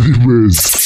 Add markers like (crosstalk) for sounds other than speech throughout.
Heavy Mess.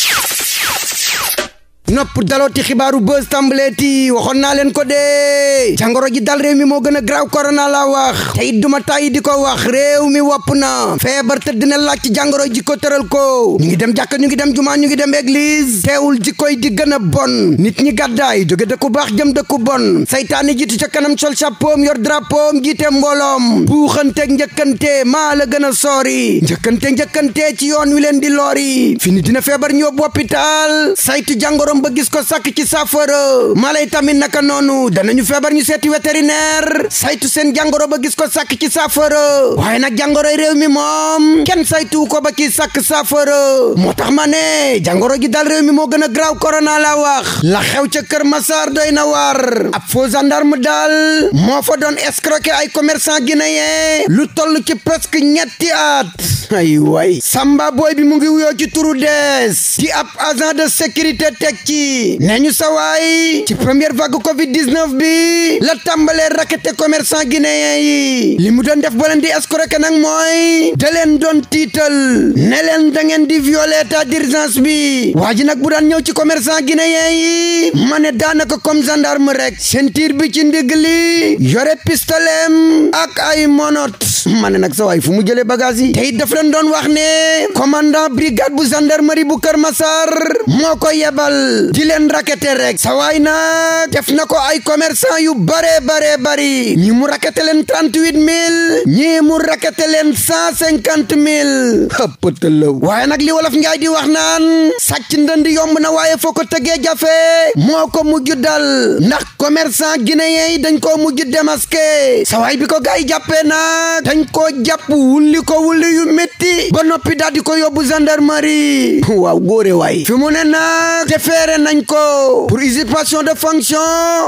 nopp dalooti xibaaru buzz tàmbaleeti waxoon naa leen ko dee jàngoro ji dal réew mi moo gën a graaw korona la wax te it duma tàyyi di ko wax réew mi wopp na feebar te dina laaj ci jàngoro ji ko tëral ko ñu ngi dem jàkk ñu ngi dem jumaa ñu ngi dem église teewul ji koy di gën a bon nit ñi gàddaay jóge dëkku baax jëm dëkku bon saytaane jiitu ca kanam sol chapeau yor drapeau jiite mbooloom buuxante njëkkante maa la gën a soori njëkkante njëkkante ci yoon wi leen di loori dina feebar ñu yóbbu hôpital saytu jàngoro doom ba gis ko sakk ci saafara mala yi tamit naka noonu ñu feebar ñu seeti vétérinaire saytu seen jàngoro ba gis ko sakk ci saafara waaye nag jàngoroy réew mi moom kenn saytu ko ba ki sakk saafara moo tax ma ne jàngoro ji dal réew mi moo gën a graw korona la wax la xew ca Kër Massar doy na war ab faux gendarme daal moo fa doon escroquer ay commerçant guinéen lu toll ci presque ñetti at ay way samba boy bi mu ngi wuyoo ci turu dees di ab agent de sécurité teg ci nee ñu sawaay ci première vague covid 19 bi la tàmbalee rakkete commerçant guinéen yi li mu doon def ba leen di escroquer nag mooy da leen doon tiital ne leen da ngeen di violer état d'urgence bi waa ji nag bu daan ñëw ci commerçant guinéen yi ma ne daanaka comme gendarme rek ceinture bi ci ndigg li yore pistolem ak ay monot ma ne nag sawaay fu mu jëlee bagage yi lañ doon wax ne commandant brigade bu gendarmerie bu Kër Massar moo ko yebal di leen raketé rek sawaay nag def na ko ay commerçant yu bare bare bari ñi mu raketé leen trente-huit mille ñi mu raketé leen cent cinquante mille hëppatalaw waaye nag li wolof njaay di wax naan sàcc ndënd yomb na waaye foo ko tëgee jafe moo ko mujj dal ndax commerçant guinéen yi dañ ko mujj démasqué sawaay bi ko gaay jàppee nag dañ koo jàpp wulli ko wulli yu métti ba noppi daal di ko yóbbu gendarmerie (laughs) waaw góore waay fi mu ne nag defeere nañ ko pour usurpation de fonction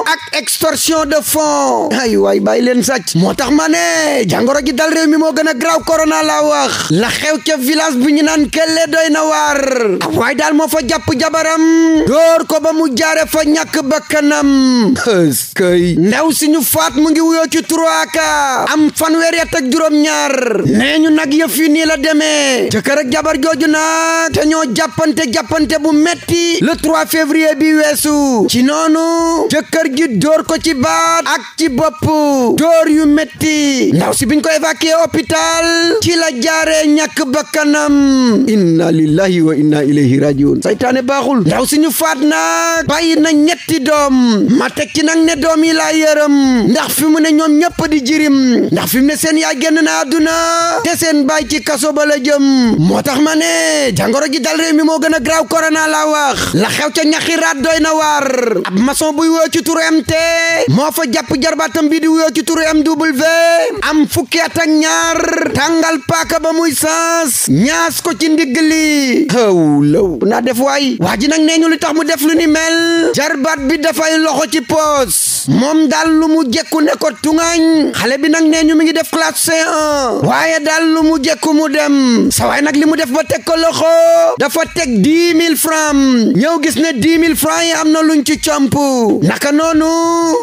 ak extorsion de fonds (laughs) ay waay bàyyi leen sàcc moo tax ma ne jàngoro ji dal réew mi moo gën a graw corona la wax la xew ca village bu ñu naan kelle doy na waar waaye daal moo fa jàpp jabaram dóor ko ba mu jaare fa ñàkk bakkanam (laughs) ëskëy ndaw si ñu faat mu ngi wuyoo ci trois ka am fanweer at ak juróom ñaar nee ñu nag yëf la demee jëkkër a jabar jooju nag te ñoo jàppante jàppante bu metti le 3 février bi weesu ci noonu jëkkër gi dóor ko ci baat ak ci bopp dóor yu metti ndaw si biñ ko évacué hôpital ci la jaaree ñàkk bakkanam inna lillahi wa inna ilayhi rajiun saytaane baaxul ndaw si ñu faat nag bàyyi na ñetti doom ma teg ci nag ne doom yi laa yërëm ndax fi mu ne ñoom ñëpp jirim ndax fi mu ne seen yaay génn na àdduna te seen baay ci kas kaso ba la jëm moo tax ma ne jàngoro ji dal mi moo gën a graaw korona la wax la xew ca ñaxi raat doy na waar ab maçon buy woo ci turu te moo fa jàpp jarbaatam bi di woo ci turu MW am fukki at ak ñaar tàngal paaka ba muy sens ñaas ko ci ndigg li haw law naa def waay waa ji nag nee ñu lu tax mu def lu ni mel jarbaat bi dafay loxo ci poos moom daal lu mu jekku ne ko tungaañ xale bi nag nee ñu mi ngi def classe C1 waaye daal mu jekku mu dem sa nag li mu def ba teg ko loxo dafa teg dix mille francs ñëw gis ne dix mille francs yi am na luñ ci comp naka noonu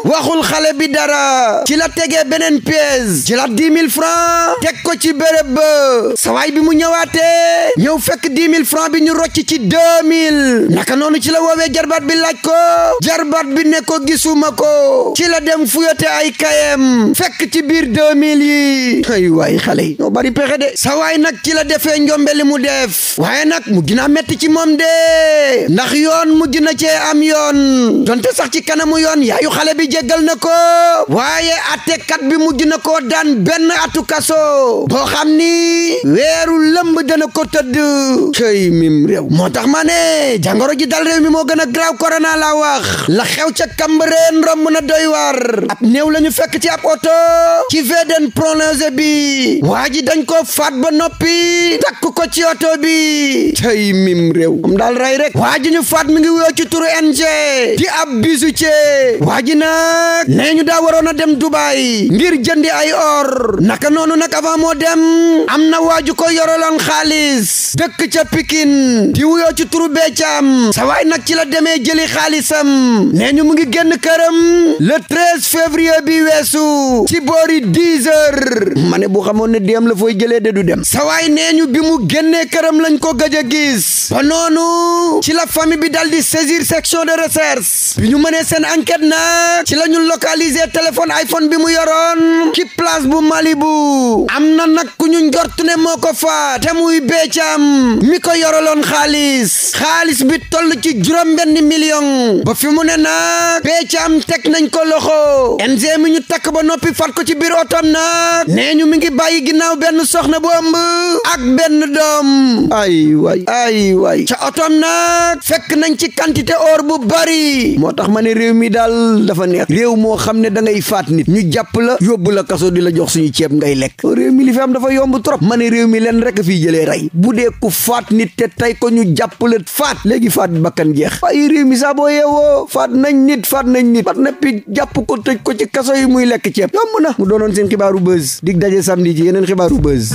waxul xale bi dara ci la tege beneen pièce ci la dix mille francs teg ko ci béréb ba sa bi mu ñëwaatee ñëw fekk dix mille francs bi ñu rocc ci deux mille naka noonu ci la woowee jarbaat bi laaj ko jarbaat bi nekkoo gisuma ko ci la dem fuyote ay kayem fekk ci biir deux mil yi ay waay xale yi ñoo bari pexe de sa waaye nag ci la defee njombe li mu def waaye nag mujj naa metti ci moom de ndax yoon mujj na cee am yoon donte sax ci kanamu yoon yaayu xale bi jéggal na ko waaye attekat bi mujj na ko daan benn atu kaso boo xam ni weeru lëmb dana ko tëdd cëy mim réew moo tax ma ne jàngoro ji dal réew mi moo gën a graaw korona la wax la xew ca Cambérène romb na doy war ab néew la fekk ci ab oto ci VDN prolongé bi waa dañ ko faat ba noppi noppi takk ko ci oto bi tey mim réew am daal rey rek waa faat mi ngi wuyoo ci turu NG di ab bisu cee waa ji nag nee ñu daa waroon a dem Dubaay ngir jëndi ay or naka noonu nag avant moo dem am na waaju ko yoroloon xaalis dëkk ca Pikin di wuyoo ci turu Beecaam sawaay nag ci la demee jëli xaalisam nee ñu mu ngi génn këram le 13 février bi weesu ci boori 10 heures ne bu xamoon ne dem la fooy jëlee de du dem sawaay nee ñu bi mu génnee këram lañ ko gëj a gis ba noonu ci la famille bi dal di saisir section de recherche bi ñu mënee seen enquête nag ci la ñu localiser téléphone iPhone bi mu yoroon ci place bu mali Malibu am na nag ku ñu njort ne moo ko faat te muy beecam mi ko yoroloon xaalis xaalis bi toll ci juróom mbenn million ba fi mu ne nag beecam teg nañ ko loxo NG mi ñu takk ba noppi fat ko ci biir otom nag nee ñu mu ngi bàyyi ginnaaw benn soxna bu ëmb ak benn doom ay way ay way ca otom nag fekk nañ ci quantité or bu bari moo tax ma ne réew mi daal dafa neex réew moo xam ne da ngay faat nit ñu jàpp la yóbbu la kaso di la jox suñu ceeb ngay lekk réew mi li fi am dafa yomb trop ma ne réew mi leen rek fii jëlee rey bu dee ku faat nit te tey ko ñu jàpp la faat léegi faat bakkan jeex waaye réew mi saa boo yeewoo faat nañ nit faat nañ nit faat neppi jàpp ko tëj ko ci kaso yi muy lekk ceeb yomb na mu doonoon seen xibaaru buzz dig daje ci yeneen xibaaru buzz